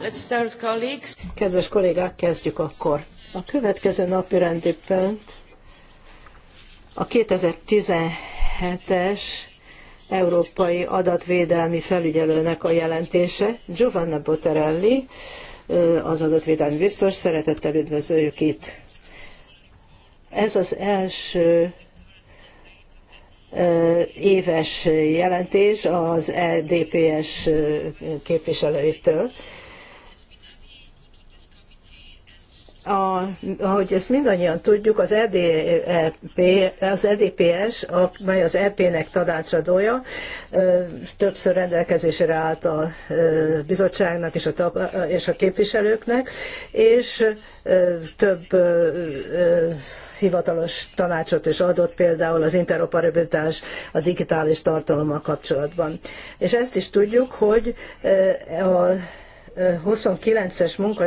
Let's start, colleagues. Kedves kollégák, kezdjük akkor. A következő napi rendi pont a 2017-es Európai Adatvédelmi Felügyelőnek a jelentése. Giovanna Boterelli, az adatvédelmi biztos, szeretettel üdvözöljük itt. Ez az első éves jelentés az EDPS képviselőitől. a, ahogy ezt mindannyian tudjuk, az, EDP, az EDPS, amely az EP-nek tanácsadója, többször rendelkezésre állt a bizottságnak és a, és a képviselőknek, és több hivatalos tanácsot is adott, például az interoperabilitás a digitális tartalommal kapcsolatban. És ezt is tudjuk, hogy a 29-es munka,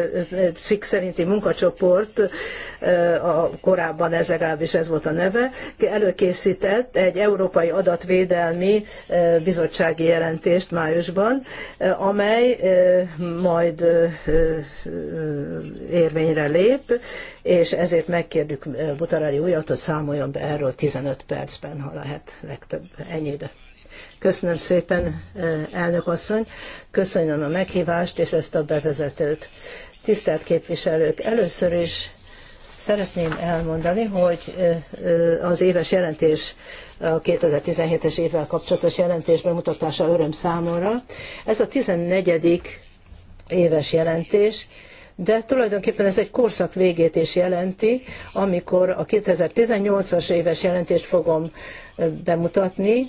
cikk szerinti munkacsoport, a korábban ez legalábbis ez volt a neve, előkészített egy Európai Adatvédelmi Bizottsági Jelentést májusban, amely majd érvényre lép, és ezért megkérjük, Butarelli újat, hogy számoljon be erről 15 percben, ha lehet legtöbb. Ennyi ide. Köszönöm szépen, eh, elnök asszony, köszönöm a meghívást és ezt a bevezetőt. Tisztelt képviselők, először is szeretném elmondani, hogy eh, eh, az éves jelentés, a 2017-es évvel kapcsolatos jelentés bemutatása öröm számomra. Ez a 14. éves jelentés, de tulajdonképpen ez egy korszak végét is jelenti, amikor a 2018-as éves jelentést fogom bemutatni,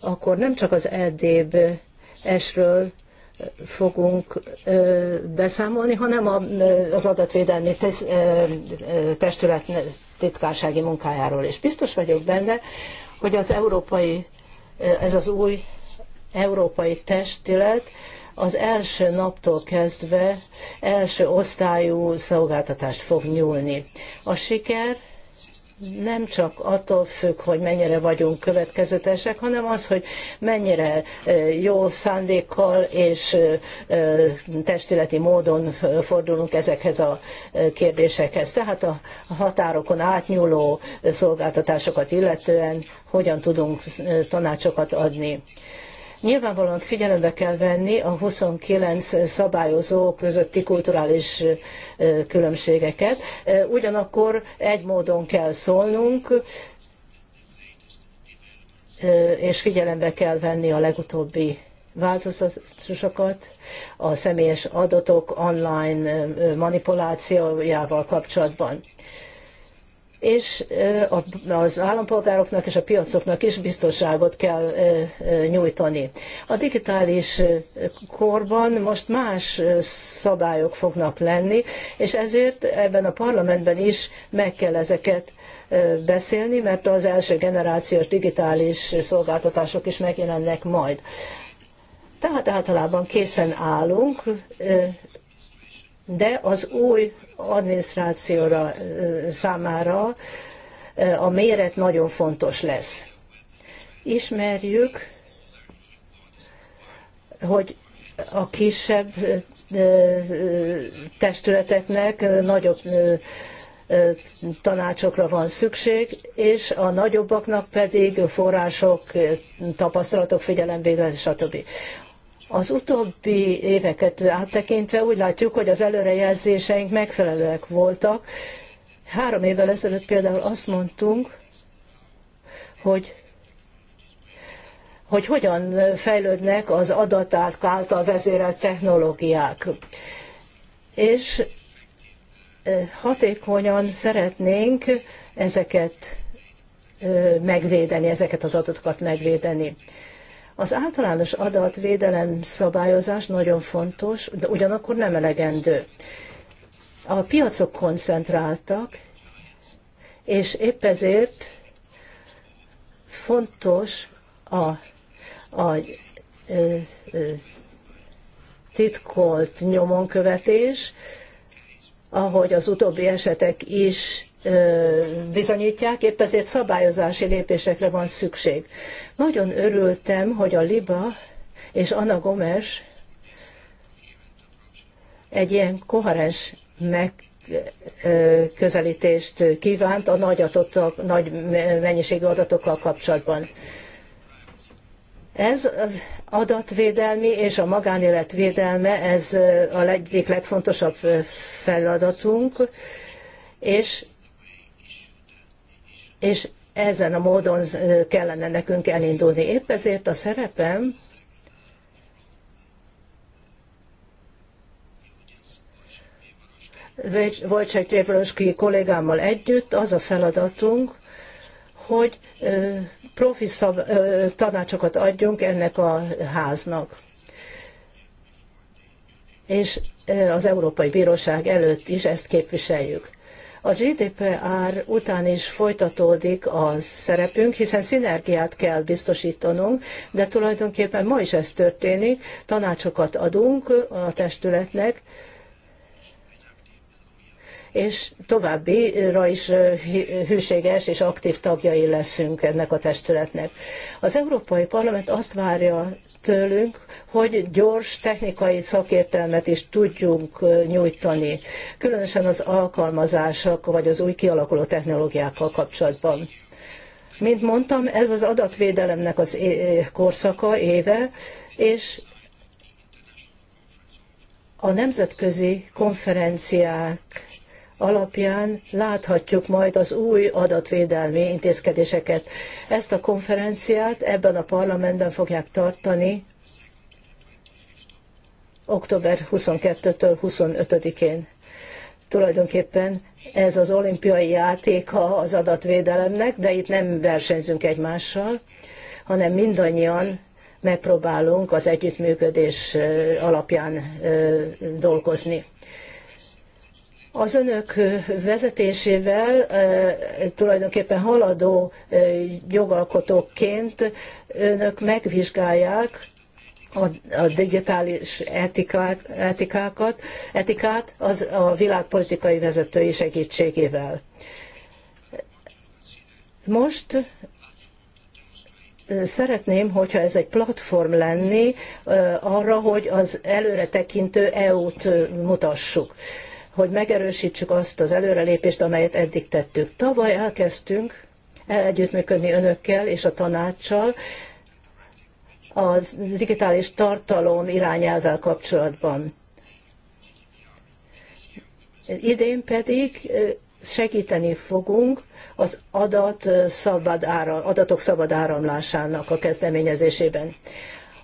akkor nem csak az edéb esről fogunk beszámolni, hanem az adatvédelmi testület titkársági munkájáról. És biztos vagyok benne, hogy az európai, ez az új európai testület az első naptól kezdve első osztályú szolgáltatást fog nyúlni. A siker nem csak attól függ, hogy mennyire vagyunk következetesek, hanem az, hogy mennyire jó szándékkal és testületi módon fordulunk ezekhez a kérdésekhez. Tehát a határokon átnyúló szolgáltatásokat illetően hogyan tudunk tanácsokat adni. Nyilvánvalóan figyelembe kell venni a 29 szabályozó közötti kulturális különbségeket, ugyanakkor egy módon kell szólnunk, és figyelembe kell venni a legutóbbi változásokat a személyes adatok online manipulációjával kapcsolatban és az állampolgároknak és a piacoknak is biztonságot kell nyújtani. A digitális korban most más szabályok fognak lenni, és ezért ebben a parlamentben is meg kell ezeket beszélni, mert az első generációs digitális szolgáltatások is megjelennek majd. Tehát általában készen állunk, de az új adminisztrációra számára a méret nagyon fontos lesz. Ismerjük, hogy a kisebb testületeknek nagyobb tanácsokra van szükség, és a nagyobbaknak pedig források, tapasztalatok, figyelemvétel, stb. Az utóbbi éveket áttekintve úgy látjuk, hogy az előrejelzéseink megfelelőek voltak. Három évvel ezelőtt például azt mondtunk, hogy hogy hogyan fejlődnek az adaták által vezérelt technológiák. És hatékonyan szeretnénk ezeket megvédeni, ezeket az adatokat megvédeni. Az általános adatvédelem szabályozás nagyon fontos, de ugyanakkor nem elegendő. A piacok koncentráltak, és épp ezért fontos a, a ö, ö, titkolt nyomonkövetés, ahogy az utóbbi esetek is bizonyítják, épp ezért szabályozási lépésekre van szükség. Nagyon örültem, hogy a LIBA és Anna Gomes egy ilyen koherens megközelítést kívánt a nagy, adatok, nagy mennyiségű adatokkal kapcsolatban. Ez az adatvédelmi és a magánélet védelme, ez a egyik legfontosabb feladatunk, és és ezen a módon kellene nekünk elindulni. Épp ezért a szerepem, Wojciech Tjevroski kollégámmal együtt az a feladatunk, hogy profi szab, tanácsokat adjunk ennek a háznak. És az Európai Bíróság előtt is ezt képviseljük. A GDPR után is folytatódik a szerepünk, hiszen szinergiát kell biztosítanunk, de tulajdonképpen ma is ez történik, tanácsokat adunk a testületnek, és továbbira is hűséges és aktív tagjai leszünk ennek a testületnek. Az Európai Parlament azt várja tőlünk, hogy gyors technikai szakértelmet is tudjunk nyújtani, különösen az alkalmazások vagy az új kialakuló technológiákkal kapcsolatban. Mint mondtam, ez az adatvédelemnek az korszaka, éve, és a nemzetközi konferenciák alapján láthatjuk majd az új adatvédelmi intézkedéseket. Ezt a konferenciát ebben a parlamentben fogják tartani október 22-től 25-én. Tulajdonképpen ez az olimpiai játéka az adatvédelemnek, de itt nem versenyzünk egymással, hanem mindannyian megpróbálunk az együttműködés alapján dolgozni. Az önök vezetésével tulajdonképpen haladó jogalkotóként önök megvizsgálják a, digitális etikát, etikákat, etikát az a világpolitikai vezetői segítségével. Most szeretném, hogyha ez egy platform lenni arra, hogy az előretekintő EU-t mutassuk hogy megerősítsük azt az előrelépést, amelyet eddig tettük. Tavaly elkezdtünk együttműködni önökkel és a tanácssal a digitális tartalom irányelvvel kapcsolatban. Idén pedig segíteni fogunk az adat szabad áram, adatok szabad áramlásának a kezdeményezésében.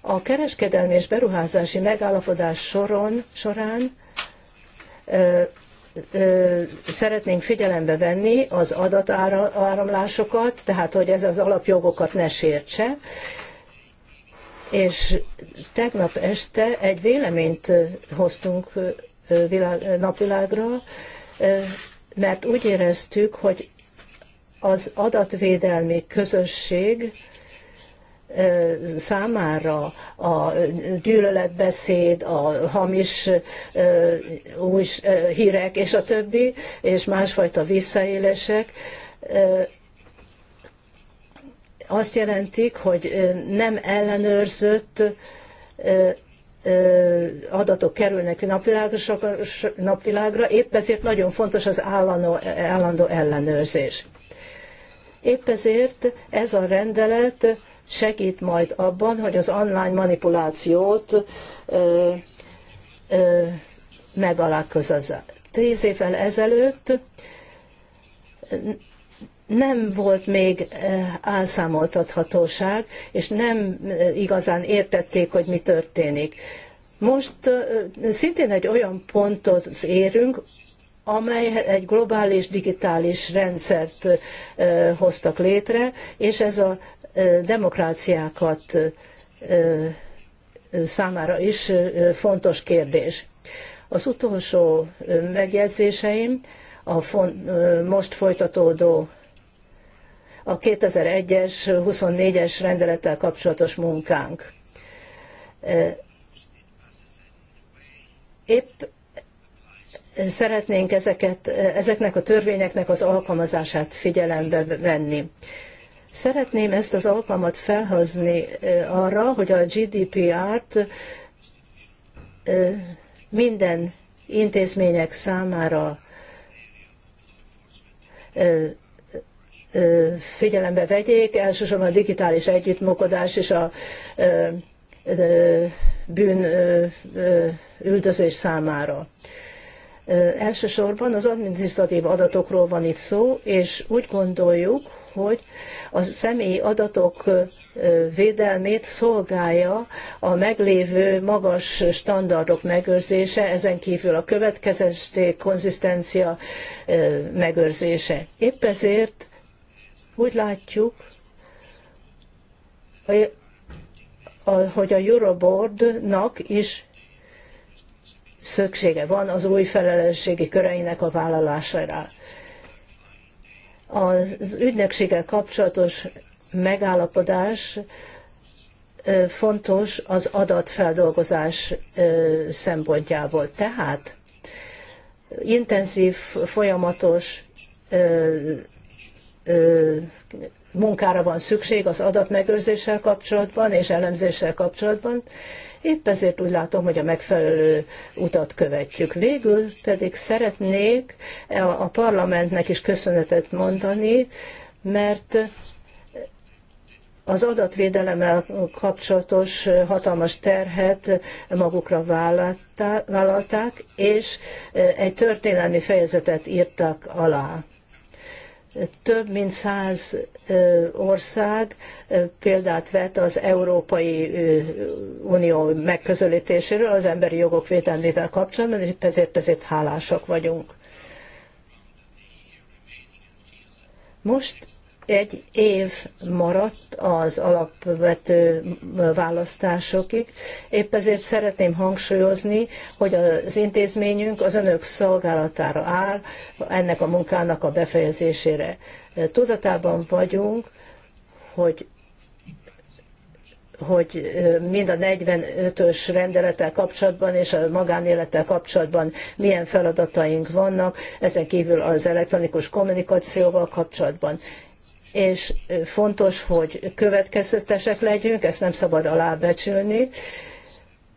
A kereskedelmi és beruházási megállapodás soron, során szeretnénk figyelembe venni az adatáramlásokat, tehát hogy ez az alapjogokat ne sértse, és tegnap este egy véleményt hoztunk napvilágra, mert úgy éreztük, hogy az adatvédelmi közösség számára a gyűlöletbeszéd, a hamis új hírek és a többi, és másfajta visszaélések azt jelentik, hogy nem ellenőrzött adatok kerülnek napvilágra, épp ezért nagyon fontos az állandó, állandó ellenőrzés. Épp ezért ez a rendelet segít majd abban, hogy az online manipulációt ö, ö, Tíz évvel ezelőtt nem volt még elszámoltathatóság, és nem igazán értették, hogy mi történik. Most szintén egy olyan pontot érünk, amely egy globális digitális rendszert hoztak létre, és ez a demokráciákat számára is fontos kérdés. Az utolsó megjegyzéseim a most folytatódó a 2001-es, 24-es rendelettel kapcsolatos munkánk. Épp szeretnénk ezeket, ezeknek a törvényeknek az alkalmazását figyelembe venni. Szeretném ezt az alkalmat felhozni arra, hogy a GDPR-t minden intézmények számára figyelembe vegyék, elsősorban a digitális együttműködés és a bűn üldözés számára. Elsősorban az adminisztratív adatokról van itt szó, és úgy gondoljuk, hogy a személyi adatok védelmét szolgálja a meglévő magas standardok megőrzése, ezen kívül a következetesség, konzisztencia megőrzése. Épp ezért úgy látjuk, hogy a Euroboardnak is szüksége van az új felelősségi köreinek a vállalására. Az ügynökséggel kapcsolatos megállapodás fontos az adatfeldolgozás szempontjából. Tehát intenzív, folyamatos munkára van szükség az adatmegőrzéssel kapcsolatban és elemzéssel kapcsolatban, Épp ezért úgy látom, hogy a megfelelő utat követjük. Végül pedig szeretnék a parlamentnek is köszönetet mondani, mert az adatvédelemmel kapcsolatos hatalmas terhet magukra vállalták, és egy történelmi fejezetet írtak alá több mint száz ország példát vett az Európai Unió megközelítéséről az emberi jogok védelmével kapcsolatban, és ezért, ezért hálásak vagyunk. Most egy év maradt az alapvető választásokig. Épp ezért szeretném hangsúlyozni, hogy az intézményünk az önök szolgálatára áll ennek a munkának a befejezésére. Tudatában vagyunk, hogy hogy mind a 45-ös rendelettel kapcsolatban és a magánélettel kapcsolatban milyen feladataink vannak, ezen kívül az elektronikus kommunikációval kapcsolatban és fontos, hogy következetesek legyünk, ezt nem szabad alábecsülni.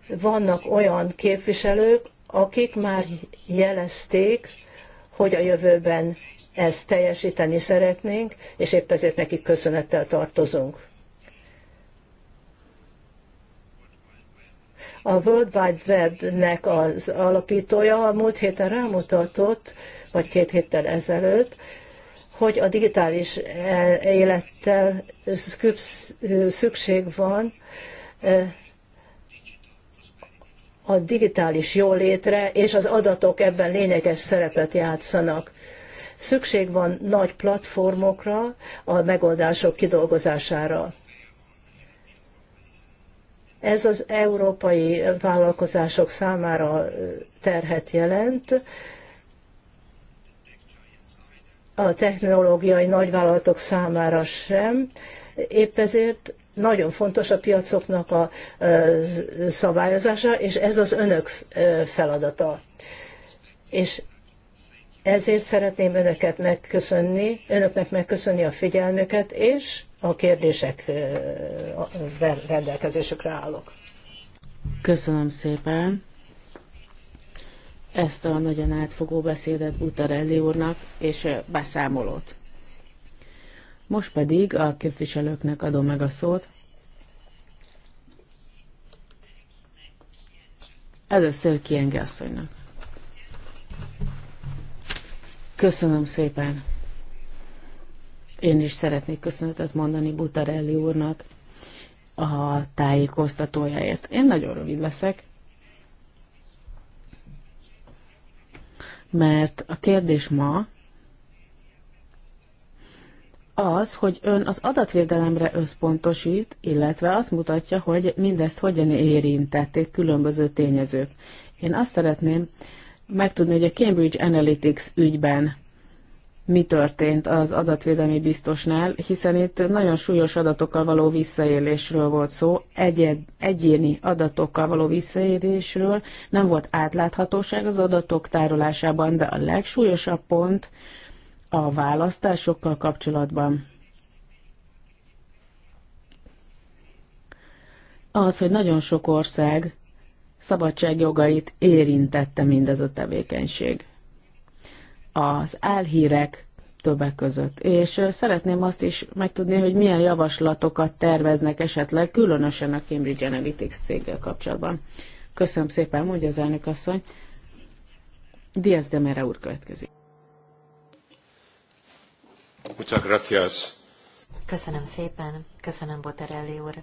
Vannak olyan képviselők, akik már jelezték, hogy a jövőben ezt teljesíteni szeretnénk, és épp ezért nekik köszönettel tartozunk. A World Wide Webnek az alapítója a múlt héten rámutatott, vagy két héttel ezelőtt, hogy a digitális eh, élettel szükség van eh, a digitális jólétre, és az adatok ebben lényeges szerepet játszanak. Szükség van nagy platformokra, a megoldások kidolgozására. Ez az európai vállalkozások számára eh, terhet jelent, a technológiai nagyvállalatok számára sem. Épp ezért nagyon fontos a piacoknak a szabályozása, és ez az önök feladata. És ezért szeretném önöket megköszönni, önöknek megköszönni a figyelmüket, és a kérdések rendelkezésükre állok. Köszönöm szépen ezt a nagyon átfogó beszédet Butarelli úrnak és beszámolót. Most pedig a képviselőknek adom meg a szót. Először Kienge asszonynak. Köszönöm szépen. Én is szeretnék köszönetet mondani Butarelli úrnak a tájékoztatójáért. Én nagyon rövid leszek. mert a kérdés ma az, hogy ön az adatvédelemre összpontosít, illetve azt mutatja, hogy mindezt hogyan érintették különböző tényezők. Én azt szeretném megtudni, hogy a Cambridge Analytics ügyben mi történt az adatvédelmi biztosnál, hiszen itt nagyon súlyos adatokkal való visszaélésről volt szó, egyed, egyéni adatokkal való visszaélésről, nem volt átláthatóság az adatok tárolásában, de a legsúlyosabb pont a választásokkal kapcsolatban. Az, hogy nagyon sok ország szabadságjogait érintette mindez a tevékenység az álhírek többek között. És szeretném azt is megtudni, hogy milyen javaslatokat terveznek esetleg, különösen a Cambridge Analytics céggel kapcsolatban. Köszönöm szépen, mondja az elnök asszony. Diaz de Mera úr következik. Köszönöm szépen, köszönöm Boterelli úr.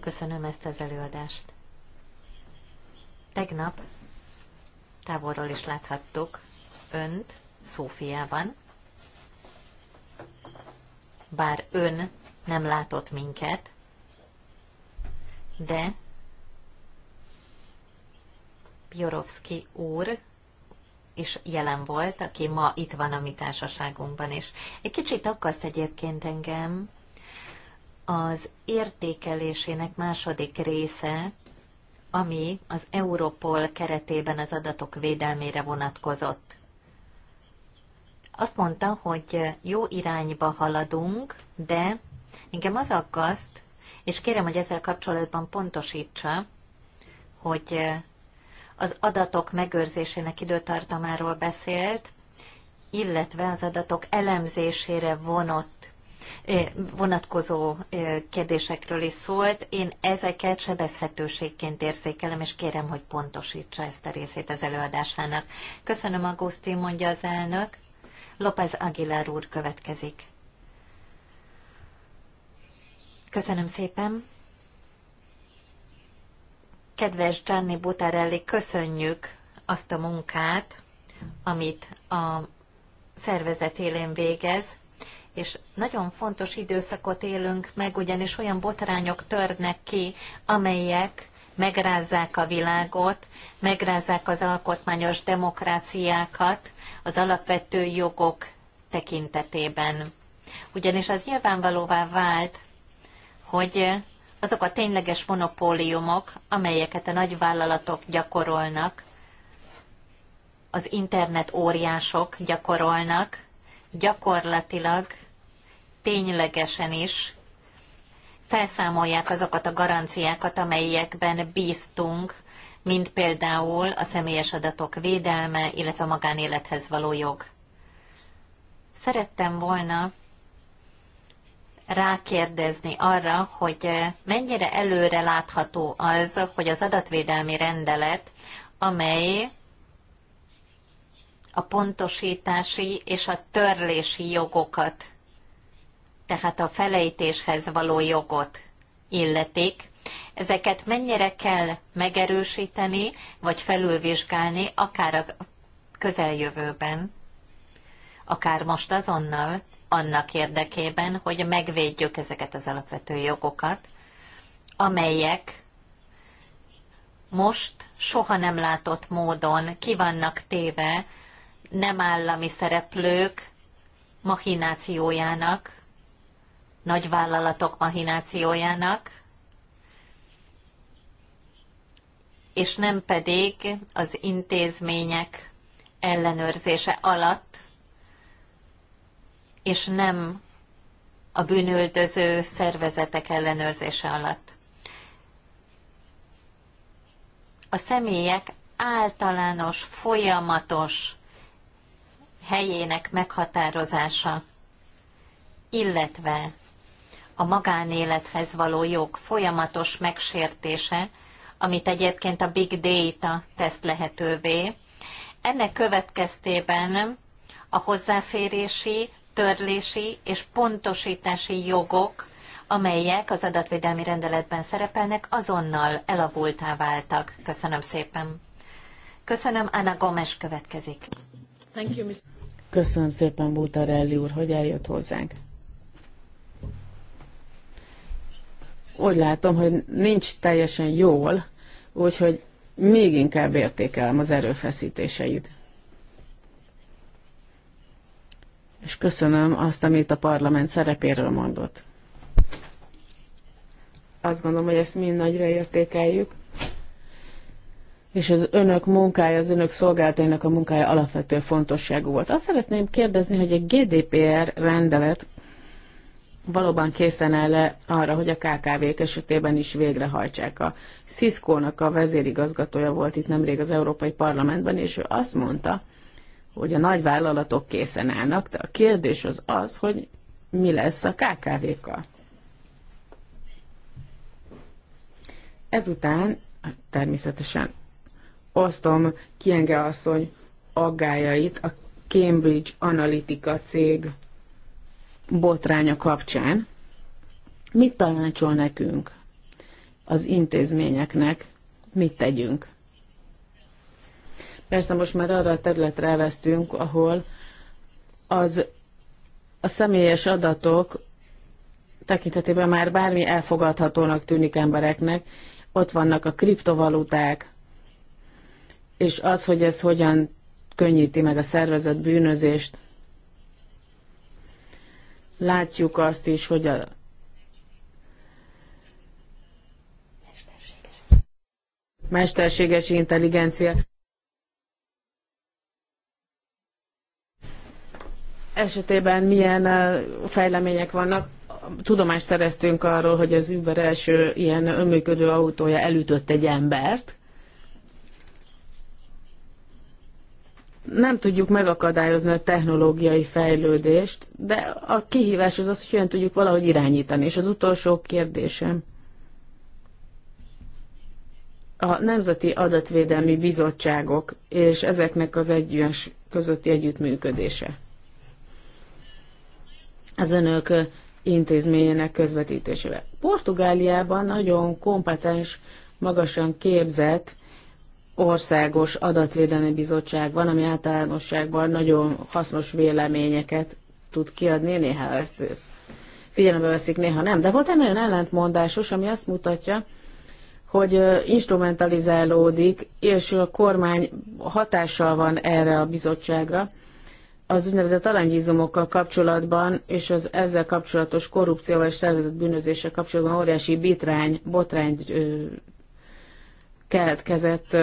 Köszönöm ezt az előadást. Tegnap távolról is láthattuk, önt Szófiában, bár ön nem látott minket, de Jorovszki úr is jelen volt, aki ma itt van a mi társaságunkban is. Egy kicsit akaszt egyébként engem az értékelésének második része, ami az Europol keretében az adatok védelmére vonatkozott. Azt mondta, hogy jó irányba haladunk, de engem az aggaszt, és kérem, hogy ezzel kapcsolatban pontosítsa, hogy az adatok megőrzésének időtartamáról beszélt, illetve az adatok elemzésére vonott vonatkozó kérdésekről is szólt. Én ezeket sebezhetőségként érzékelem, és kérem, hogy pontosítsa ezt a részét az előadásának. Köszönöm, Agusztin, mondja az elnök. López Aguilar úr következik. Köszönöm szépen. Kedves Gianni Butarelli, köszönjük azt a munkát, amit a szervezet élén végez, és nagyon fontos időszakot élünk meg, ugyanis olyan botrányok törnek ki, amelyek megrázzák a világot, megrázzák az alkotmányos demokráciákat az alapvető jogok tekintetében. Ugyanis az nyilvánvalóvá vált, hogy azok a tényleges monopóliumok, amelyeket a nagyvállalatok gyakorolnak, az internet óriások gyakorolnak, gyakorlatilag ténylegesen is felszámolják azokat a garanciákat, amelyekben bíztunk, mint például a személyes adatok védelme, illetve a magánélethez való jog. Szerettem volna rákérdezni arra, hogy mennyire előre látható az, hogy az adatvédelmi rendelet, amely a pontosítási és a törlési jogokat tehát a felejtéshez való jogot illetik, ezeket mennyire kell megerősíteni, vagy felülvizsgálni, akár a közeljövőben, akár most azonnal, annak érdekében, hogy megvédjük ezeket az alapvető jogokat, amelyek most soha nem látott módon vannak téve nem állami szereplők machinációjának, nagy vállalatok mahinációjának, és nem pedig az intézmények ellenőrzése alatt, és nem a bűnöldöző szervezetek ellenőrzése alatt. A személyek általános, folyamatos helyének meghatározása, illetve a magánélethez való jog folyamatos megsértése, amit egyébként a Big Data tesz lehetővé. Ennek következtében a hozzáférési, törlési és pontosítási jogok, amelyek az adatvédelmi rendeletben szerepelnek, azonnal elavultá váltak. Köszönöm szépen. Köszönöm, Anna Gomes következik. Thank you, Köszönöm szépen, Bútarelli úr, hogy eljött hozzánk. úgy látom, hogy nincs teljesen jól, úgyhogy még inkább értékelem az erőfeszítéseid. És köszönöm azt, amit a parlament szerepéről mondott. Azt gondolom, hogy ezt mind nagyra értékeljük, és az önök munkája, az önök szolgálatainak a munkája alapvető fontosságú volt. Azt szeretném kérdezni, hogy a GDPR rendelet valóban készen áll-e arra, hogy a kkv esetében is végrehajtsák. A cisco a vezérigazgatója volt itt nemrég az Európai Parlamentben, és ő azt mondta, hogy a nagyvállalatok készen állnak, de a kérdés az az, hogy mi lesz a KKV-kkal. Ezután természetesen osztom Kienge asszony aggájait a Cambridge Analytica cég botránya kapcsán, mit tanácsol nekünk az intézményeknek, mit tegyünk? Persze most már arra a területre elvesztünk, ahol az a személyes adatok tekintetében már bármi elfogadhatónak tűnik embereknek, ott vannak a kriptovaluták, és az, hogy ez hogyan könnyíti meg a szervezet bűnözést, Látjuk azt is, hogy a mesterséges intelligencia esetében milyen fejlemények vannak. Tudomást szereztünk arról, hogy az Uber első ilyen önműködő autója elütött egy embert, nem tudjuk megakadályozni a technológiai fejlődést, de a kihívás az az, hogy hogyan tudjuk valahogy irányítani. És az utolsó kérdésem. A Nemzeti Adatvédelmi Bizottságok és ezeknek az együttes közötti együttműködése. Az önök intézményének közvetítésével. Portugáliában nagyon kompetens, magasan képzett országos adatvédelmi bizottság van, ami általánosságban nagyon hasznos véleményeket tud kiadni, néha ezt figyelembe veszik, néha nem. De volt egy nagyon ellentmondásos, ami azt mutatja, hogy instrumentalizálódik, és a kormány hatással van erre a bizottságra, az úgynevezett aranyvízumokkal kapcsolatban és az ezzel kapcsolatos korrupcióval és szervezett bűnözéssel kapcsolatban óriási bitrány, botrány keletkezett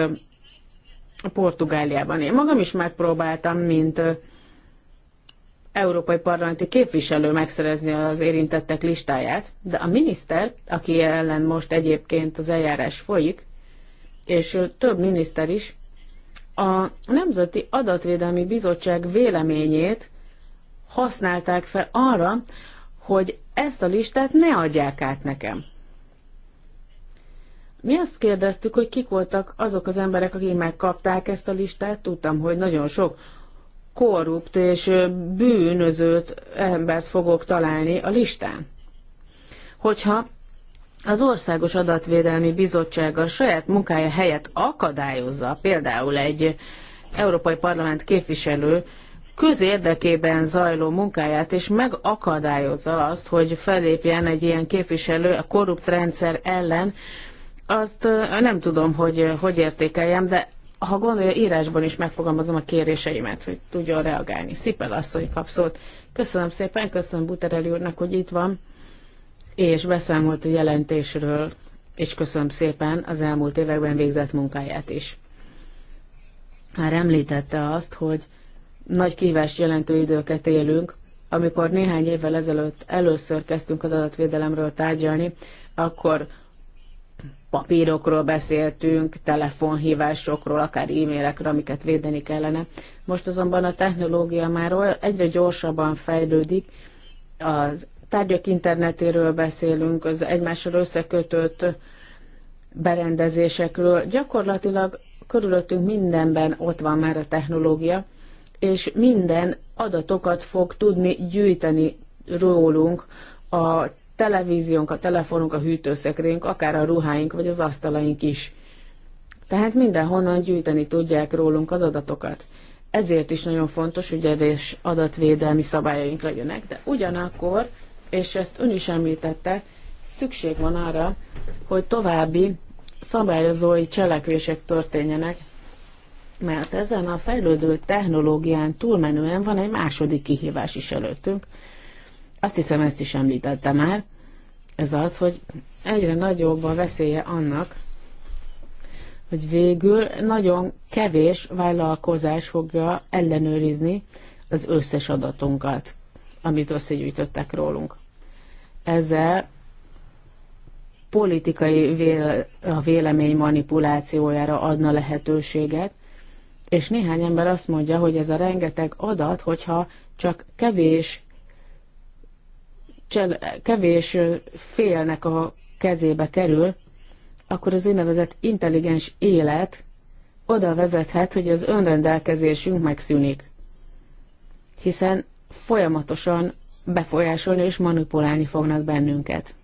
Portugáliában. Én magam is megpróbáltam, mint európai parlamenti képviselő megszerezni az érintettek listáját, de a miniszter, aki ellen most egyébként az eljárás folyik, és több miniszter is, a Nemzeti Adatvédelmi Bizottság véleményét használták fel arra, hogy ezt a listát ne adják át nekem. Mi azt kérdeztük, hogy kik voltak azok az emberek, akik megkapták ezt a listát. Tudtam, hogy nagyon sok korrupt és bűnözőt eh, embert fogok találni a listán. Hogyha az Országos Adatvédelmi Bizottság a saját munkája helyett akadályozza például egy Európai Parlament képviselő közérdekében zajló munkáját, és megakadályozza azt, hogy felépjen egy ilyen képviselő a korrupt rendszer ellen, azt nem tudom, hogy hogy értékeljem, de ha gondolja, írásban is megfogalmazom a kéréseimet, hogy tudjon reagálni. Szipel asszony hogy szót. Köszönöm szépen, köszönöm Butereli úrnak, hogy itt van, és beszámolt a jelentésről, és köszönöm szépen az elmúlt években végzett munkáját is. Már említette azt, hogy nagy kívást jelentő időket élünk, amikor néhány évvel ezelőtt először kezdtünk az adatvédelemről tárgyalni, akkor papírokról beszéltünk, telefonhívásokról, akár e-mailekről, amiket védeni kellene. Most azonban a technológia már egyre gyorsabban fejlődik, az tárgyak internetéről beszélünk, az egymásról összekötött berendezésekről. Gyakorlatilag körülöttünk mindenben ott van már a technológia, és minden adatokat fog tudni gyűjteni rólunk a televíziónk, a telefonunk, a hűtőszekrényünk, akár a ruháink vagy az asztalaink is. Tehát mindenhonnan gyűjteni tudják rólunk az adatokat. Ezért is nagyon fontos, hogy erős adatvédelmi szabályaink legyenek, de ugyanakkor, és ezt ön is említette, szükség van arra, hogy további szabályozói cselekvések történjenek, mert ezen a fejlődő technológián túlmenően van egy második kihívás is előttünk, azt hiszem, ezt is említette már. Ez az, hogy egyre nagyobb a veszélye annak, hogy végül nagyon kevés vállalkozás fogja ellenőrizni az összes adatunkat, amit összegyűjtöttek rólunk. Ezzel politikai véle, a vélemény manipulációjára adna lehetőséget, és néhány ember azt mondja, hogy ez a rengeteg adat, hogyha csak kevés kevés félnek a kezébe kerül, akkor az úgynevezett intelligens élet oda vezethet, hogy az önrendelkezésünk megszűnik. Hiszen folyamatosan befolyásolni és manipulálni fognak bennünket.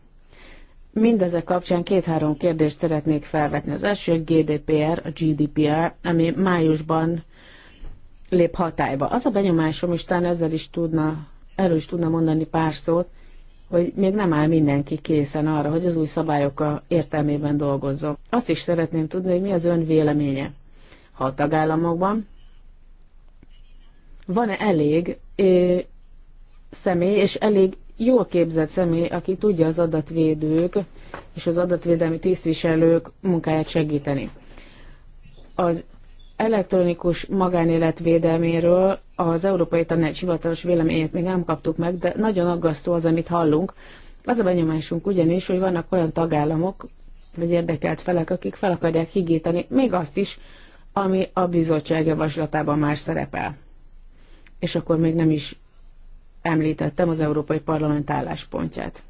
Mindezek kapcsán két-három kérdést szeretnék felvetni. Az első GDPR, a GDPR, ami májusban lép hatályba. Az a benyomásom, és talán ezzel is tudna, erről is tudna mondani pár szót, hogy még nem áll mindenki készen arra, hogy az új szabályok a értelmében dolgozzon. Azt is szeretném tudni, hogy mi az ön véleménye. Ha a tagállamokban van-e elég é, személy, és elég jól képzett személy, aki tudja az adatvédők és az adatvédelmi tisztviselők munkáját segíteni. Az elektronikus magánélet védelméről az Európai Tanács hivatalos véleményét még nem kaptuk meg, de nagyon aggasztó az, amit hallunk. Az a benyomásunk ugyanis, hogy vannak olyan tagállamok, vagy érdekelt felek, akik fel akarják higítani még azt is, ami a bizottság javaslatában már szerepel. És akkor még nem is említettem az Európai Parlament álláspontját.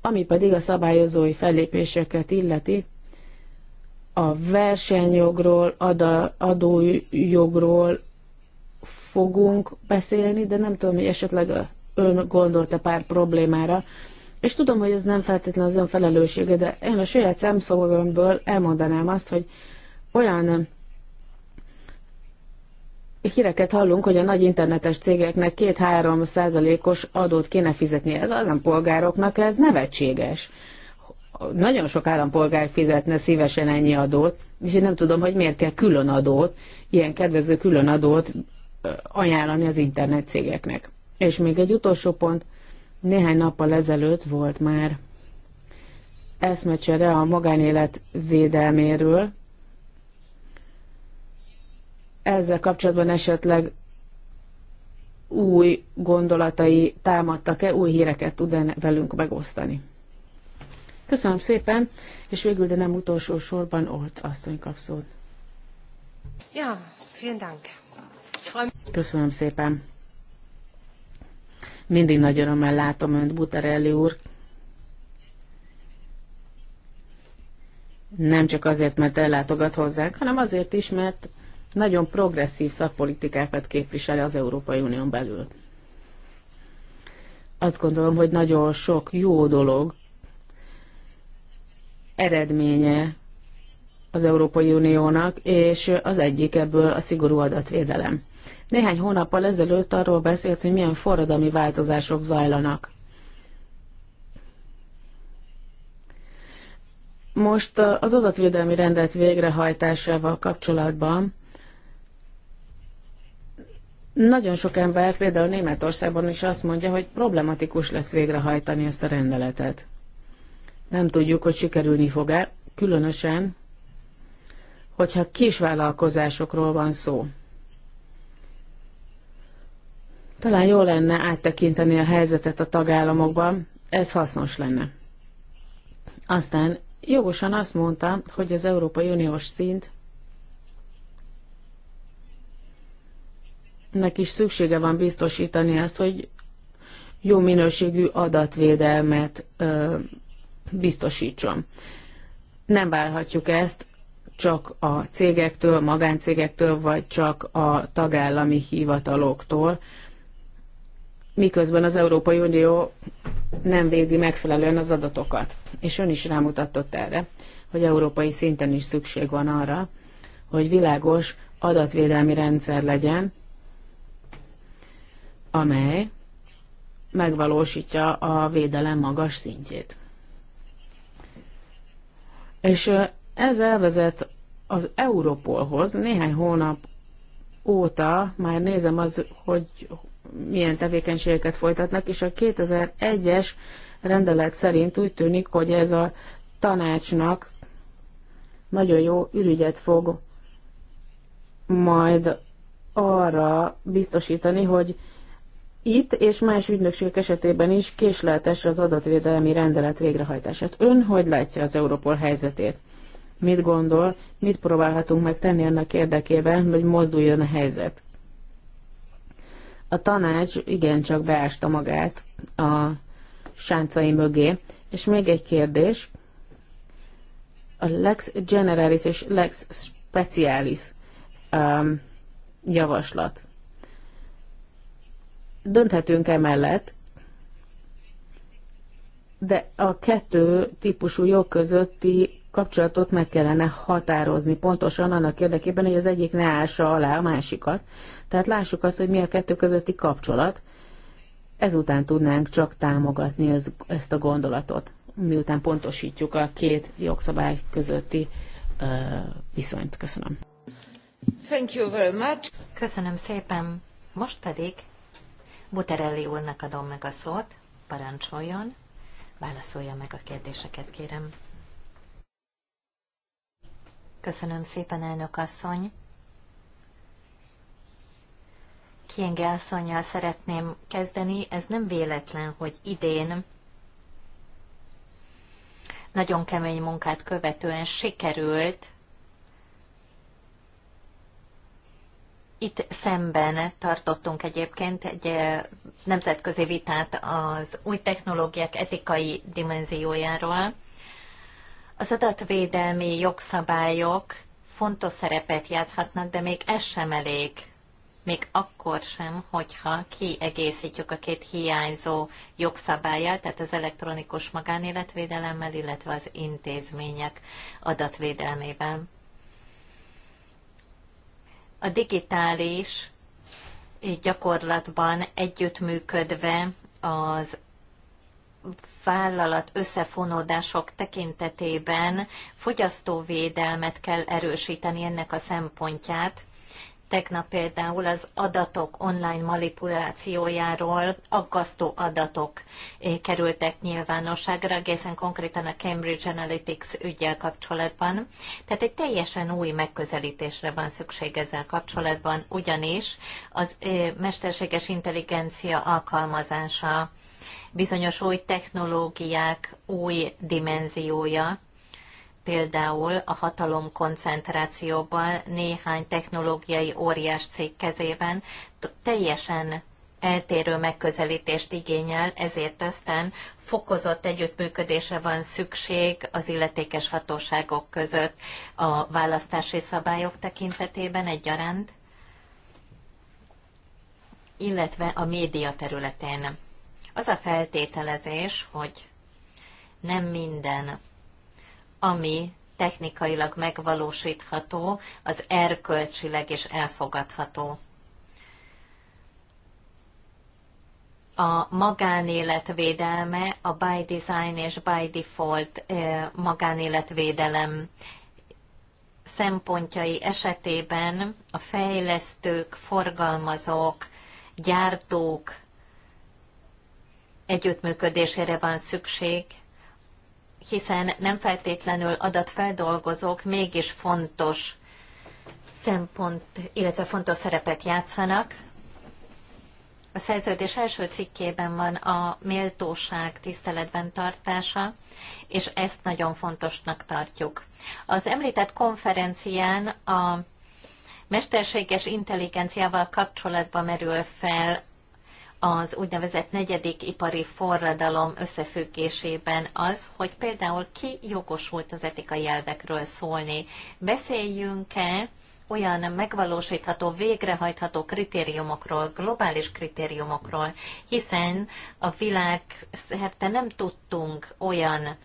Ami pedig a szabályozói fellépéseket illeti, a versenyjogról, a, adójogról fogunk beszélni, de nem tudom, hogy esetleg ön gondolta pár problémára, és tudom, hogy ez nem feltétlenül az ön felelőssége, de én a saját szemszögömből elmondanám azt, hogy olyan híreket hallunk, hogy a nagy internetes cégeknek 2-3 százalékos adót kéne fizetni. Ez az nem polgároknak ez nevetséges nagyon sok állampolgár fizetne szívesen ennyi adót, és én nem tudom, hogy miért kell külön adót, ilyen kedvező külön adót ajánlani az internet cégeknek. És még egy utolsó pont, néhány nappal ezelőtt volt már eszmecsere a magánélet védelméről. Ezzel kapcsolatban esetleg új gondolatai támadtak-e, új híreket tud -e velünk megosztani? Köszönöm szépen, és végül, de nem utolsó sorban Olc asszony kap szót. Ja, vielen Dank. Köszönöm szépen. Mindig nagy örömmel látom Önt, Buterelli úr. Nem csak azért, mert ellátogat hozzánk, hanem azért is, mert nagyon progresszív szakpolitikákat képvisel az Európai Unión belül. Azt gondolom, hogy nagyon sok jó dolog eredménye az Európai Uniónak, és az egyik ebből a szigorú adatvédelem. Néhány hónappal ezelőtt arról beszélt, hogy milyen forradalmi változások zajlanak. Most az adatvédelmi rendet végrehajtásával kapcsolatban nagyon sok ember, például Németországban is azt mondja, hogy problematikus lesz végrehajtani ezt a rendeletet. Nem tudjuk, hogy sikerülni fog-e, különösen, hogyha kisvállalkozásokról van szó. Talán jó lenne áttekinteni a helyzetet a tagállamokban, ez hasznos lenne. Aztán jogosan azt mondta, hogy az Európai Uniós szint neki is szüksége van biztosítani azt, hogy jó minőségű adatvédelmet ö, biztosítson. Nem várhatjuk ezt csak a cégektől, magáncégektől, vagy csak a tagállami hivataloktól, miközben az Európai Unió nem védi megfelelően az adatokat. És ön is rámutatott erre, hogy európai szinten is szükség van arra, hogy világos adatvédelmi rendszer legyen, amely megvalósítja a védelem magas szintjét. És ez elvezet az Europolhoz. Néhány hónap óta már nézem az, hogy milyen tevékenységeket folytatnak, és a 2001-es rendelet szerint úgy tűnik, hogy ez a tanácsnak nagyon jó ürügyet fog majd arra biztosítani, hogy itt és más ügynökség esetében is késleltes az adatvédelmi rendelet végrehajtását. Ön hogy látja az Európol helyzetét? Mit gondol, mit próbálhatunk meg tenni annak érdekében, hogy mozduljon a helyzet? A tanács igencsak beásta magát a sáncai mögé. És még egy kérdés. A Lex Generalis és Lex Specialis um, javaslat dönthetünk emellett, de a kettő típusú jog közötti kapcsolatot meg kellene határozni pontosan annak érdekében, hogy az egyik ne ássa alá a másikat. Tehát lássuk azt, hogy mi a kettő közötti kapcsolat. Ezután tudnánk csak támogatni ez, ezt a gondolatot, miután pontosítjuk a két jogszabály közötti uh, viszonyt. Köszönöm. Thank you very much. Köszönöm szépen. Most pedig Buterelli úrnak adom meg a szót, parancsoljon, válaszolja meg a kérdéseket, kérem. Köszönöm szépen, elnök asszony. Kienge asszonyjal szeretném kezdeni. Ez nem véletlen, hogy idén nagyon kemény munkát követően sikerült Itt szemben tartottunk egyébként egy nemzetközi vitát az új technológiák etikai dimenziójáról. Az adatvédelmi jogszabályok fontos szerepet játszhatnak, de még ez sem elég. Még akkor sem, hogyha kiegészítjük a két hiányzó jogszabályát, tehát az elektronikus magánéletvédelemmel, illetve az intézmények adatvédelmével a digitális gyakorlatban együttműködve az vállalat összefonódások tekintetében fogyasztóvédelmet kell erősíteni ennek a szempontját, Tegnap például az adatok online manipulációjáról aggasztó adatok eh, kerültek nyilvánosságra, egészen konkrétan a Cambridge Analytics ügyel kapcsolatban. Tehát egy teljesen új megközelítésre van szükség ezzel kapcsolatban, ugyanis az eh, mesterséges intelligencia alkalmazása bizonyos új technológiák új dimenziója, például a hatalom koncentrációban néhány technológiai óriás cég kezében teljesen eltérő megközelítést igényel, ezért aztán fokozott együttműködésre van szükség az illetékes hatóságok között a választási szabályok tekintetében egyaránt, illetve a média területén. Az a feltételezés, hogy nem minden ami technikailag megvalósítható, az erkölcsileg is elfogadható. a magánéletvédelme, a by design és by default magánéletvédelem szempontjai esetében a fejlesztők, forgalmazók, gyártók együttműködésére van szükség, hiszen nem feltétlenül adatfeldolgozók mégis fontos szempont, illetve fontos szerepet játszanak. A szerződés első cikkében van a méltóság tiszteletben tartása, és ezt nagyon fontosnak tartjuk. Az említett konferencián a mesterséges intelligenciával kapcsolatban merül fel az úgynevezett negyedik ipari forradalom összefüggésében az, hogy például ki jogosult az etikai elvekről szólni. Beszéljünk-e olyan megvalósítható, végrehajtható kritériumokról, globális kritériumokról, hiszen a világ szerte nem tudtunk olyan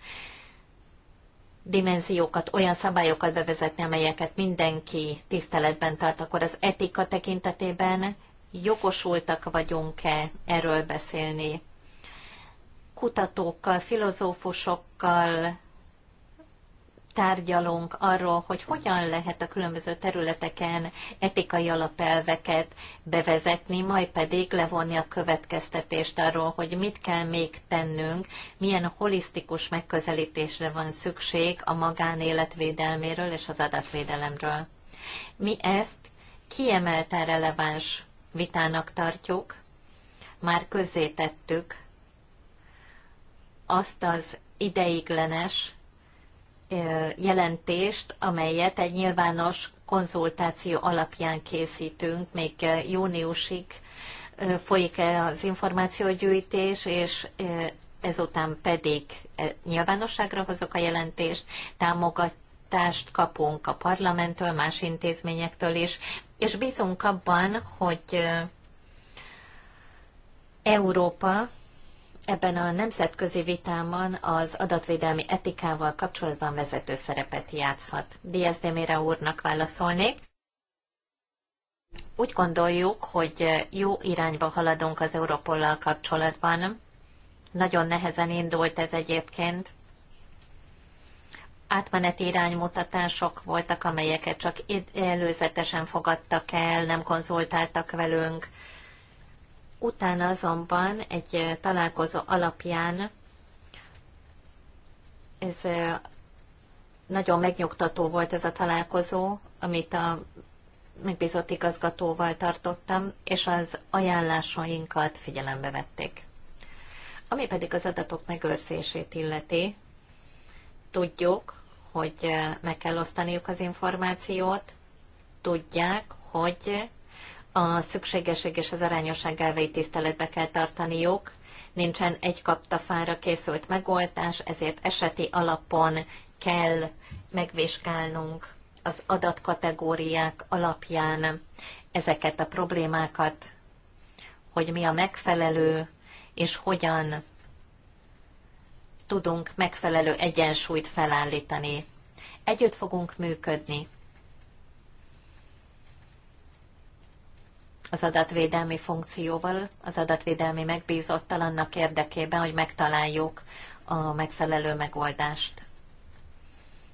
dimenziókat, olyan szabályokat bevezetni, amelyeket mindenki tiszteletben tart, akkor az etika tekintetében jogosultak vagyunk-e erről beszélni. Kutatókkal, filozófusokkal tárgyalunk arról, hogy hogyan lehet a különböző területeken etikai alapelveket bevezetni, majd pedig levonni a következtetést arról, hogy mit kell még tennünk, milyen holisztikus megközelítésre van szükség a magánélet védelméről és az adatvédelemről. Mi ezt kiemelten releváns vitának tartjuk. Már tettük azt az ideiglenes jelentést, amelyet egy nyilvános konzultáció alapján készítünk, még júniusig folyik az információgyűjtés, és ezután pedig nyilvánosságra hozok a jelentést, támogat, támogatást kapunk a parlamenttől, más intézményektől is, és bízunk abban, hogy Európa ebben a nemzetközi vitában az adatvédelmi etikával kapcsolatban vezető szerepet játszhat. Diaz Demira úrnak válaszolnék. Úgy gondoljuk, hogy jó irányba haladunk az Európollal kapcsolatban. Nagyon nehezen indult ez egyébként átmeneti iránymutatások voltak, amelyeket csak előzetesen fogadtak el, nem konzultáltak velünk. Utána azonban egy találkozó alapján ez nagyon megnyugtató volt ez a találkozó, amit a megbízott igazgatóval tartottam, és az ajánlásainkat figyelembe vették. Ami pedig az adatok megőrzését illeti, Tudjuk, hogy eh, meg kell osztaniuk az információt, tudják, hogy a szükségeség és az arányosság elveit tiszteletbe kell tartaniuk, nincsen egy kaptafára készült megoldás, ezért eseti alapon kell megvizsgálnunk az adatkategóriák alapján ezeket a problémákat, hogy mi a megfelelő, és hogyan tudunk megfelelő egyensúlyt felállítani. Együtt fogunk működni. az adatvédelmi funkcióval, az adatvédelmi megbízottal annak érdekében, hogy megtaláljuk a megfelelő megoldást.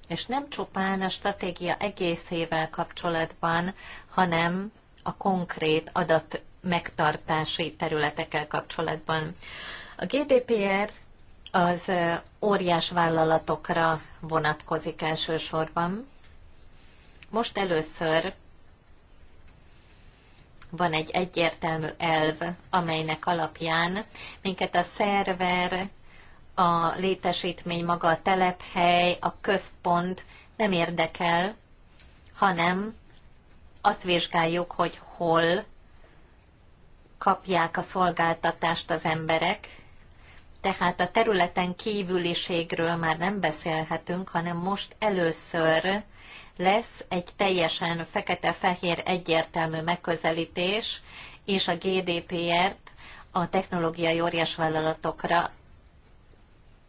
És nem csupán a stratégia egészével kapcsolatban, hanem a konkrét adat megtartási területekkel kapcsolatban. A GDPR az óriás vállalatokra vonatkozik elsősorban. Most először van egy egyértelmű elv, amelynek alapján minket a szerver, a létesítmény maga, a telephely, a központ nem érdekel, hanem azt vizsgáljuk, hogy hol kapják a szolgáltatást az emberek, tehát a területen kívüliségről már nem beszélhetünk, hanem most először lesz egy teljesen fekete-fehér egyértelmű megközelítés, és a GDPR-t a technológiai vállalatokra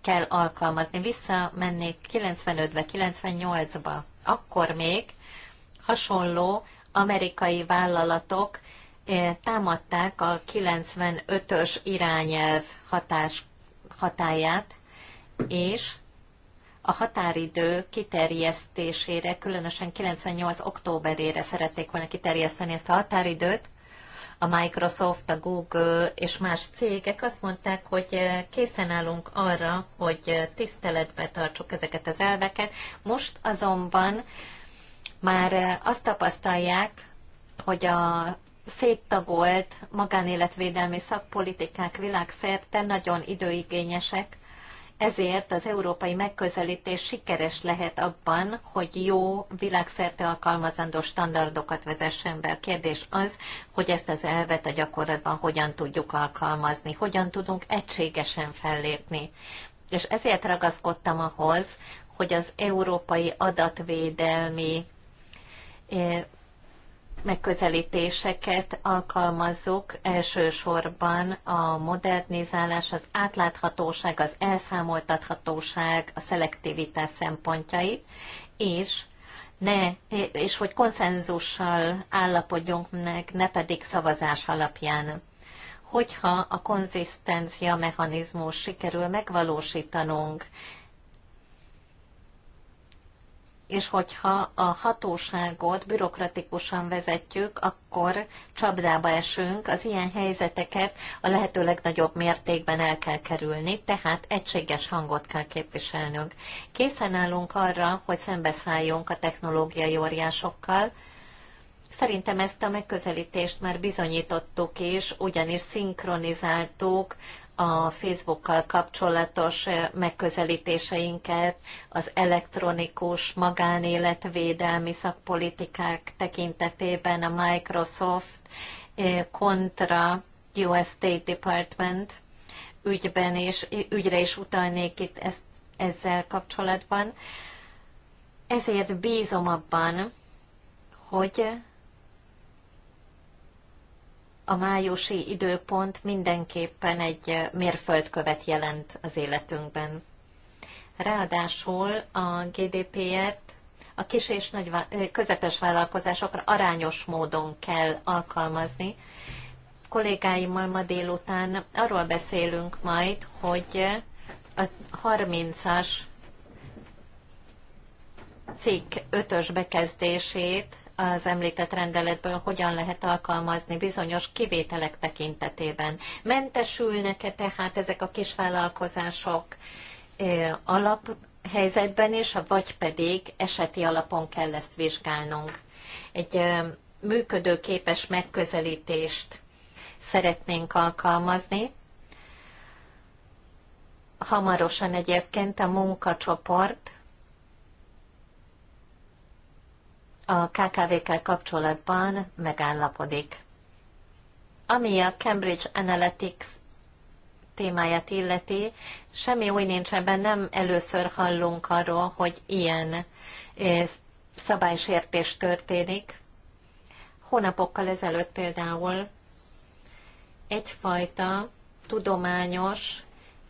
kell alkalmazni. Visszamennék 95-be, 98-ba. Akkor még hasonló amerikai vállalatok eh, támadták a 95-ös irányelv hatás hatáját, és a határidő kiterjesztésére, különösen 98. októberére szerették volna kiterjeszteni ezt a határidőt. A Microsoft, a Google és más cégek azt mondták, hogy eh, készen állunk arra, hogy eh, tiszteletbe tartsuk ezeket az elveket. Most azonban már eh, azt tapasztalják, hogy a széttagolt magánéletvédelmi szakpolitikák világszerte nagyon időigényesek, ezért az európai megközelítés sikeres lehet abban, hogy jó, világszerte alkalmazandó standardokat vezessen be. A kérdés az, hogy ezt az elvet a gyakorlatban hogyan tudjuk alkalmazni, hogyan tudunk egységesen fellépni. És ezért ragaszkodtam ahhoz, hogy az európai adatvédelmi eh, megközelítéseket alkalmazzuk, elsősorban a modernizálás, az átláthatóság, az elszámoltathatóság, a szelektivitás szempontjait, és ne, és hogy konszenzussal állapodjunk meg, ne pedig szavazás alapján. Hogyha a konzisztencia mechanizmus sikerül megvalósítanunk, és hogyha a hatóságot bürokratikusan vezetjük, akkor csapdába esünk, az ilyen helyzeteket a lehető legnagyobb mértékben el kell kerülni, tehát egységes hangot kell képviselnünk. Készen állunk arra, hogy szembeszálljunk a technológiai óriásokkal, Szerintem ezt a megközelítést már bizonyítottuk is, ugyanis szinkronizáltuk a Facebookkal kapcsolatos megközelítéseinket, az elektronikus magánéletvédelmi szakpolitikák tekintetében a Microsoft kontra US State Department ügyben és ügyre is utalnék itt ezt, ezzel kapcsolatban. Ezért bízom abban, hogy a májusi időpont mindenképpen egy mérföldkövet jelent az életünkben. Ráadásul a GDPR-t a kis és nagy, közepes vállalkozásokra arányos módon kell alkalmazni. Kollégáimmal ma délután arról beszélünk majd, hogy a 30-as cikk 5-ös bekezdését az említett rendeletből hogyan lehet alkalmazni bizonyos kivételek tekintetében. Mentesülnek-e tehát ezek a kisvállalkozások alaphelyzetben is, vagy pedig eseti alapon kell ezt vizsgálnunk? Egy működőképes megközelítést szeretnénk alkalmazni. Hamarosan egyébként a munkacsoport a KKV-kkel kapcsolatban megállapodik. Ami a Cambridge Analytics témáját illeti, semmi új nincs ebben, nem először hallunk arról, hogy ilyen szabálysértés történik. Hónapokkal ezelőtt például egyfajta tudományos,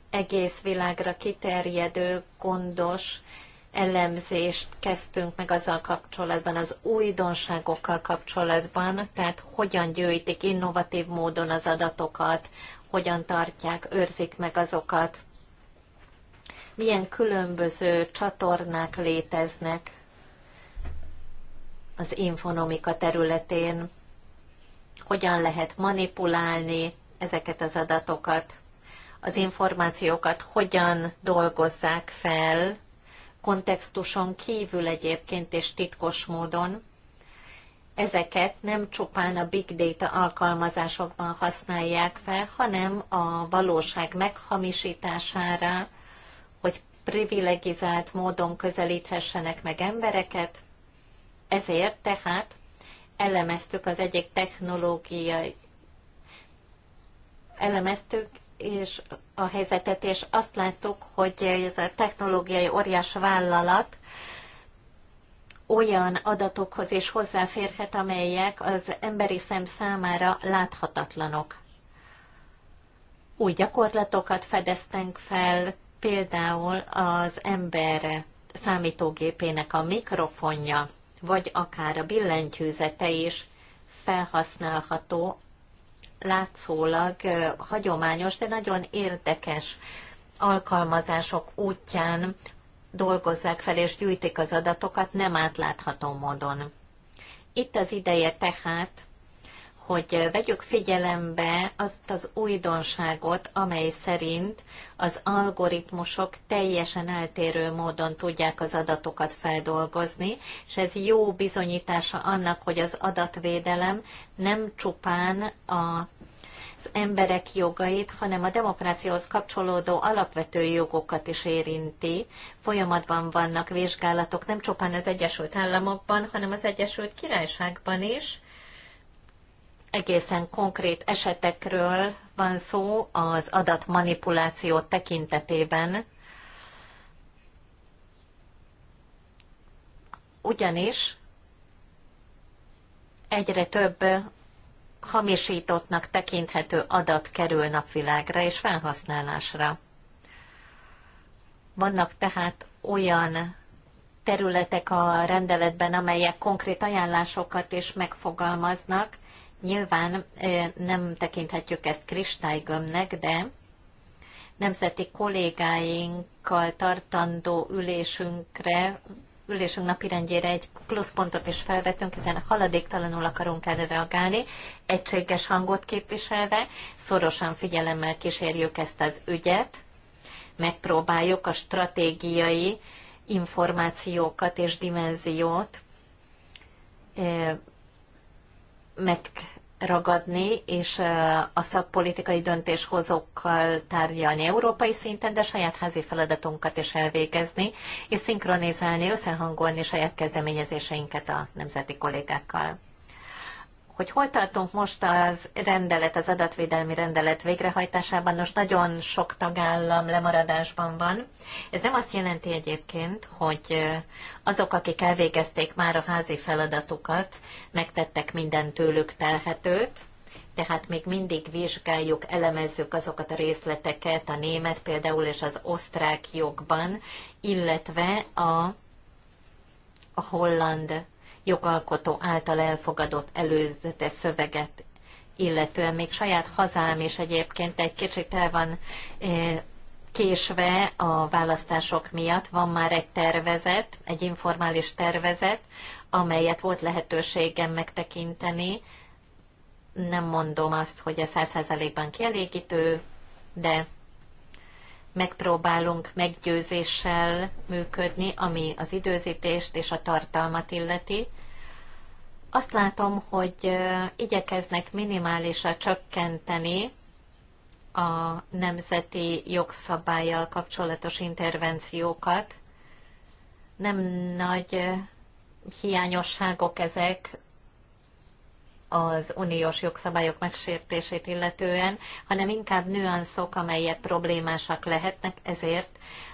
egész világra kiterjedő, gondos elemzést kezdtünk meg azzal kapcsolatban, az újdonságokkal kapcsolatban, tehát hogyan gyűjtik innovatív módon az adatokat, hogyan tartják, őrzik meg azokat, milyen különböző csatornák léteznek az infonomika területén, hogyan lehet manipulálni ezeket az adatokat, az információkat hogyan dolgozzák fel, kontextuson kívül egyébként és titkos módon. Ezeket nem csupán a big data alkalmazásokban használják fel, hanem a valóság meghamisítására, hogy privilegizált módon közelíthessenek meg embereket. Ezért tehát elemeztük az egyik technológiai elemeztük és a helyzetet, és azt láttuk, hogy ez a technológiai óriás vállalat olyan adatokhoz is hozzáférhet, amelyek az emberi szem számára láthatatlanok. Új gyakorlatokat fedeztünk fel, például az ember számítógépének a mikrofonja, vagy akár a billentyűzete is felhasználható látszólag hagyományos, de nagyon érdekes alkalmazások útján dolgozzák fel és gyűjtik az adatokat nem átlátható módon. Itt az ideje tehát, hogy vegyük figyelembe azt az újdonságot, amely szerint az algoritmusok teljesen eltérő módon tudják az adatokat feldolgozni, és ez jó bizonyítása annak, hogy az adatvédelem nem csupán a emberek jogait, hanem a demokráciához kapcsolódó alapvető jogokat is érinti. Folyamatban vannak vizsgálatok nem csupán az Egyesült Államokban, hanem az Egyesült Királyságban is. Egészen konkrét esetekről van szó az adatmanipuláció tekintetében. Ugyanis egyre több hamisítottnak tekinthető adat kerül napvilágra és felhasználásra. Vannak tehát olyan területek a rendeletben, amelyek konkrét ajánlásokat is megfogalmaznak. Nyilván nem tekinthetjük ezt kristálygömnek, de nemzeti kollégáinkkal tartandó ülésünkre ülésünk napirendjére egy pluszpontot is felvetünk, hiszen haladéktalanul akarunk erre reagálni, egységes hangot képviselve, szorosan figyelemmel kísérjük ezt az ügyet, megpróbáljuk a stratégiai információkat és dimenziót eh, meg ragadni, és a szakpolitikai döntéshozókkal tárgyalni európai szinten, de saját házi feladatunkat is elvégezni, és szinkronizálni, összehangolni saját kezdeményezéseinket a nemzeti kollégákkal hogy hol tartunk most az rendelet, az adatvédelmi rendelet végrehajtásában, most nagyon sok tagállam lemaradásban van. Ez nem azt jelenti egyébként, hogy azok, akik elvégezték már a házi feladatukat, megtettek minden tőlük telhetőt, tehát még mindig vizsgáljuk, elemezzük azokat a részleteket a német például és az osztrák jogban, illetve a, a holland jogalkotó által elfogadott előzetes szöveget illetően még saját hazám is egyébként egy kicsit el van eh, késve a választások miatt. Van már egy tervezet, egy informális tervezet, amelyet volt lehetőségem megtekinteni. Nem mondom azt, hogy a 100%-ban kielégítő, de megpróbálunk meggyőzéssel működni, ami az időzítést és a tartalmat illeti. Azt látom, hogy igyekeznek minimálisra csökkenteni a nemzeti jogszabályjal kapcsolatos intervenciókat. Nem nagy hiányosságok ezek az uniós jogszabályok megsértését illetően, hanem inkább nüanszok, amelyek problémásak lehetnek, ezért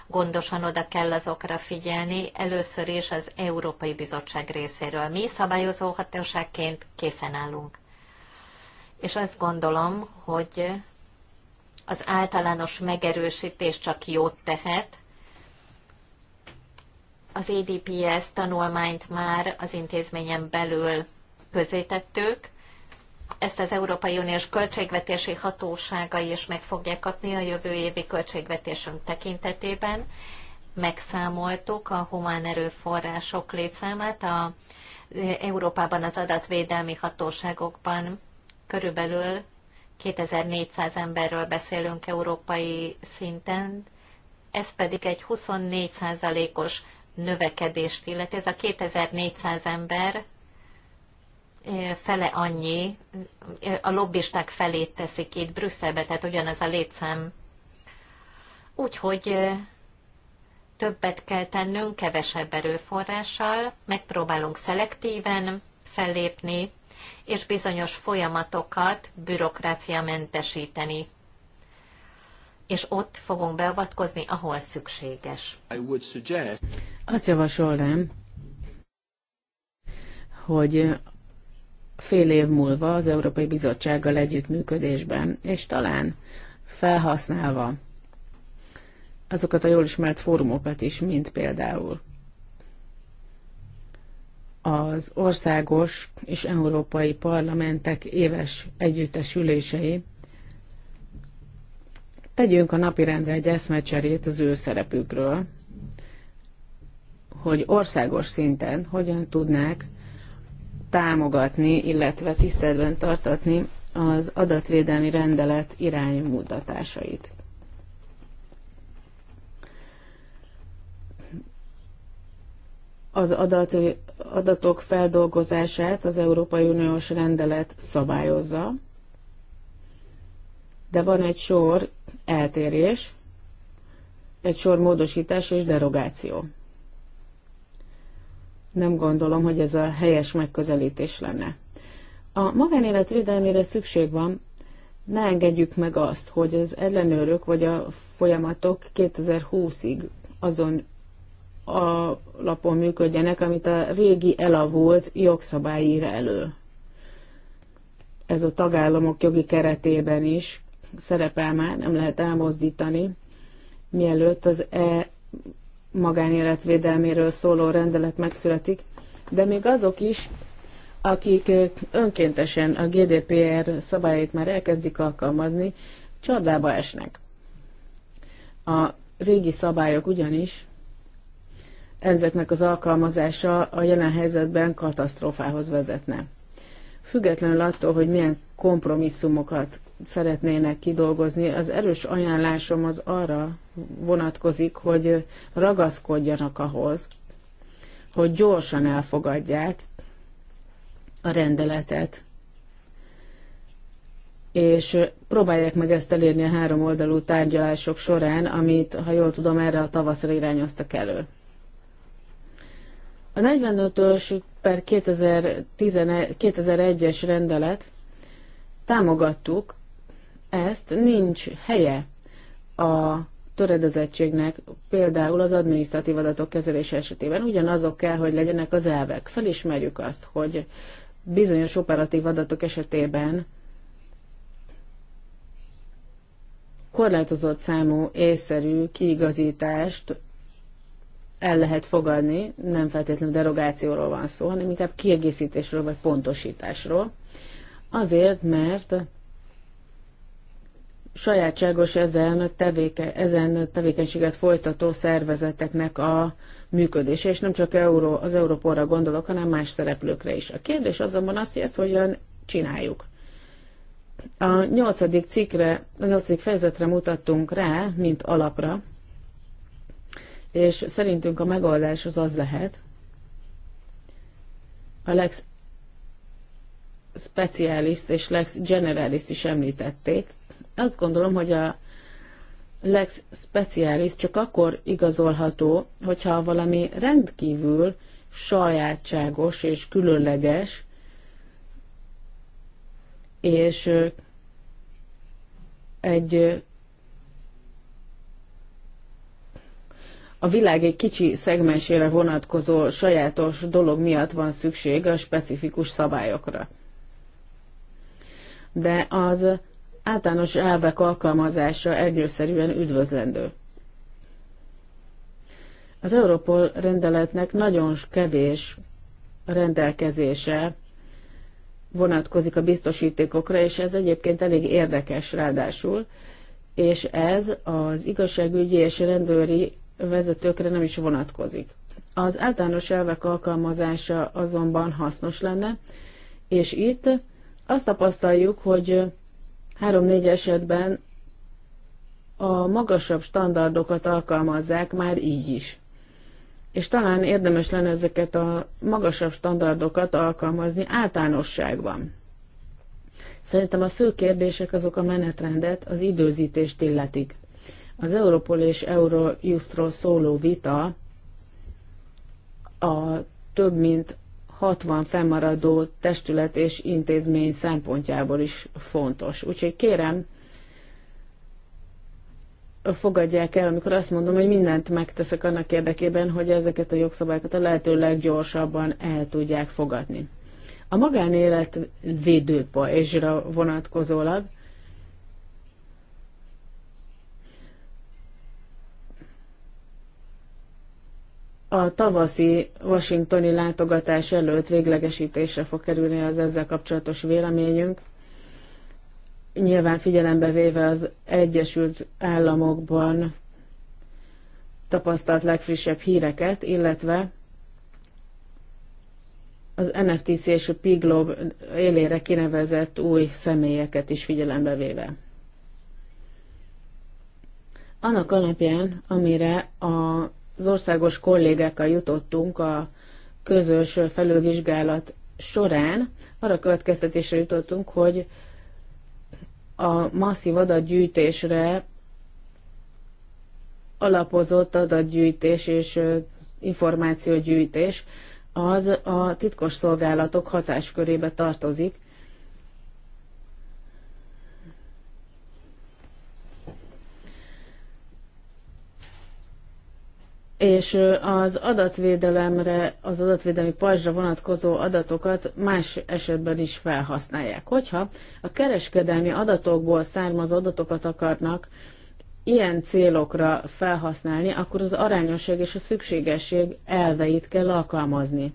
gondosan oda kell azokra figyelni, először is az Európai Bizottság részéről. Mi szabályozó hatóságként készen állunk. És azt gondolom, hogy az általános megerősítés csak jót tehet, az EDPS tanulmányt már az intézményen belül közé tettük. Ezt az Európai Uniós Költségvetési Hatóságai is meg fogják kapni a jövő évi költségvetésünk tekintetében. Megszámoltuk a humán erőforrások létszámát a Európában az adatvédelmi hatóságokban körülbelül 2400 emberről beszélünk európai szinten, ez pedig egy 24%-os növekedést illeti. Ez a 2400 ember fele annyi, a lobbisták felét teszik itt Brüsszelbe, tehát ugyanaz a létszám. Úgyhogy többet kell tennünk kevesebb erőforrással, megpróbálunk szelektíven fellépni, és bizonyos folyamatokat bürokrácia mentesíteni. És ott fogunk beavatkozni, ahol szükséges. Suggest... Azt javasolnám, hogy fél év múlva az Európai Bizottsággal együttműködésben, és talán felhasználva azokat a jól ismert fórumokat is, mint például az országos és európai parlamentek éves együttesülései, tegyünk a napirendre egy eszmecserét az ő szerepükről, hogy országos szinten hogyan tudnák támogatni, illetve tiszteletben tartatni az adatvédelmi rendelet iránymutatásait. Az adat, adatok feldolgozását az Európai Uniós rendelet szabályozza, de van egy sor eltérés, egy sor módosítás és derogáció nem gondolom, hogy ez a helyes megközelítés lenne. A magánélet védelmére szükség van, ne engedjük meg azt, hogy az ellenőrök vagy a folyamatok 2020-ig azon a lapon működjenek, amit a régi elavult jogszabály ír elő. Ez a tagállamok jogi keretében is szerepel már, nem lehet elmozdítani, mielőtt az e védelméről szóló rendelet megszületik, de még azok is, akik önkéntesen a GDPR szabályait már elkezdik alkalmazni, csodába esnek. A régi szabályok ugyanis ezeknek az alkalmazása a jelen helyzetben katasztrófához vezetne. Függetlenül attól, hogy milyen kompromisszumokat szeretnének kidolgozni. Az erős ajánlásom az arra vonatkozik, hogy ragaszkodjanak ahhoz, hogy gyorsan elfogadják a rendeletet, és próbálják meg ezt elérni a három oldalú tárgyalások során, amit, ha jól tudom, erre a tavaszra irányoztak elő. A 45-ös per 2011-es rendelet támogattuk ezt nincs helye a töredezettségnek például az adminisztratív adatok kezelése esetében ugyanazok kell, hogy legyenek az elvek. Felismerjük azt, hogy bizonyos operatív adatok esetében korlátozott számú észszerű kiigazítást el lehet fogadni, nem feltétlenül derogációról van szó, hanem inkább kiegészítésről vagy pontosításról. Azért, mert sajátságos ezen, tevéke, ezen tevékenységet folytató szervezeteknek a működése, és nem csak Euró, az Európóra gondolok, hanem más szereplőkre is. A kérdés azonban az, hogy hogyan csináljuk. A nyolcadik cikkre, a nyolcadik fejezetre mutattunk rá, mint alapra, és szerintünk a megoldás az az lehet, a legspecialist és legsgeneralist is említették, azt gondolom, hogy a lex specialis csak akkor igazolható, hogyha valami rendkívül sajátságos és különleges, és egy a világ egy kicsi szegmensére vonatkozó sajátos dolog miatt van szükség a specifikus szabályokra. De az általános elvek alkalmazása egyőszerűen üdvözlendő. Az Europol rendeletnek nagyon kevés rendelkezése vonatkozik a biztosítékokra, és ez egyébként elég érdekes ráadásul, és ez az igazságügyi és rendőri vezetőkre nem is vonatkozik. Az általános elvek alkalmazása azonban hasznos lenne, és itt azt tapasztaljuk, hogy Három-négy esetben a magasabb standardokat alkalmazzák már így is. És talán érdemes lenne ezeket a magasabb standardokat alkalmazni általánosságban. Szerintem a fő kérdések azok a menetrendet, az időzítést illetik. Az Europol és Eurojustról szóló vita a több mint 60 fennmaradó testület és intézmény szempontjából is fontos. Úgyhogy kérem, fogadják el, amikor azt mondom, hogy mindent megteszek annak érdekében, hogy ezeket a jogszabályokat a lehető leggyorsabban el tudják fogadni. A magánélet védőpajzsra vonatkozólag a tavaszi washingtoni látogatás előtt véglegesítésre fog kerülni az ezzel kapcsolatos véleményünk. Nyilván figyelembe véve az Egyesült Államokban tapasztalt legfrissebb híreket, illetve az NFTC és a Piglob élére kinevezett új személyeket is figyelembe véve. Annak alapján, amire a az országos kollégákkal jutottunk a közös felülvizsgálat során, arra következtetésre jutottunk, hogy a masszív adatgyűjtésre alapozott adatgyűjtés és információgyűjtés az a titkos szolgálatok hatáskörébe tartozik, és az adatvédelemre, az adatvédelmi pajzsra vonatkozó adatokat más esetben is felhasználják. Hogyha a kereskedelmi adatokból származó adatokat akarnak ilyen célokra felhasználni, akkor az arányosság és a szükségesség elveit kell alkalmazni.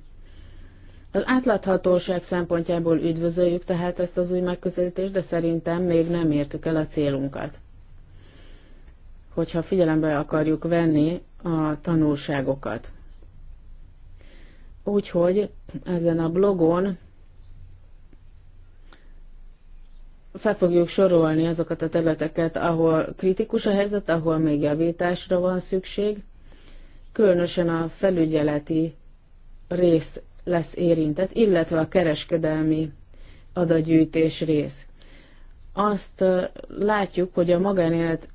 Az átláthatóság szempontjából üdvözöljük tehát ezt az új megközelítést, de szerintem még nem értük el a célunkat hogyha figyelembe akarjuk venni a tanulságokat. Úgyhogy ezen a blogon fel fogjuk sorolni azokat a területeket, ahol kritikus a helyzet, ahol még javításra van szükség. Különösen a felügyeleti rész lesz érintett, illetve a kereskedelmi adagyűjtés rész. Azt látjuk, hogy a magánélet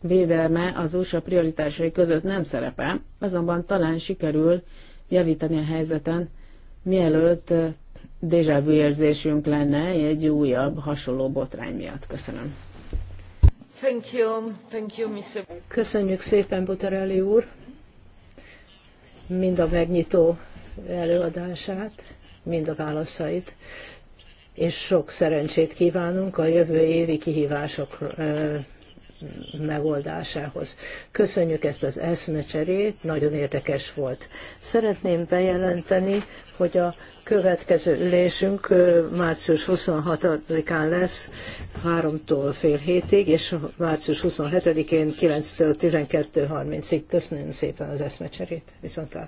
védelme az USA prioritásai között nem szerepel, azonban talán sikerül javítani a helyzeten, mielőtt déjà vu érzésünk lenne egy újabb hasonló botrány miatt. Köszönöm. Thank you. Thank you, Mr. Köszönjük szépen, Buterelli úr, mind a megnyitó előadását, mind a válaszait, és sok szerencsét kívánunk a jövő évi kihívások megoldásához. Köszönjük ezt az eszmecserét, nagyon érdekes volt. Szeretném bejelenteni, hogy a következő ülésünk március 26-án lesz, 3-tól fél hétig, és március 27-én 9-től 12.30-ig. Köszönöm szépen az eszmecserét. Viszontlátásra.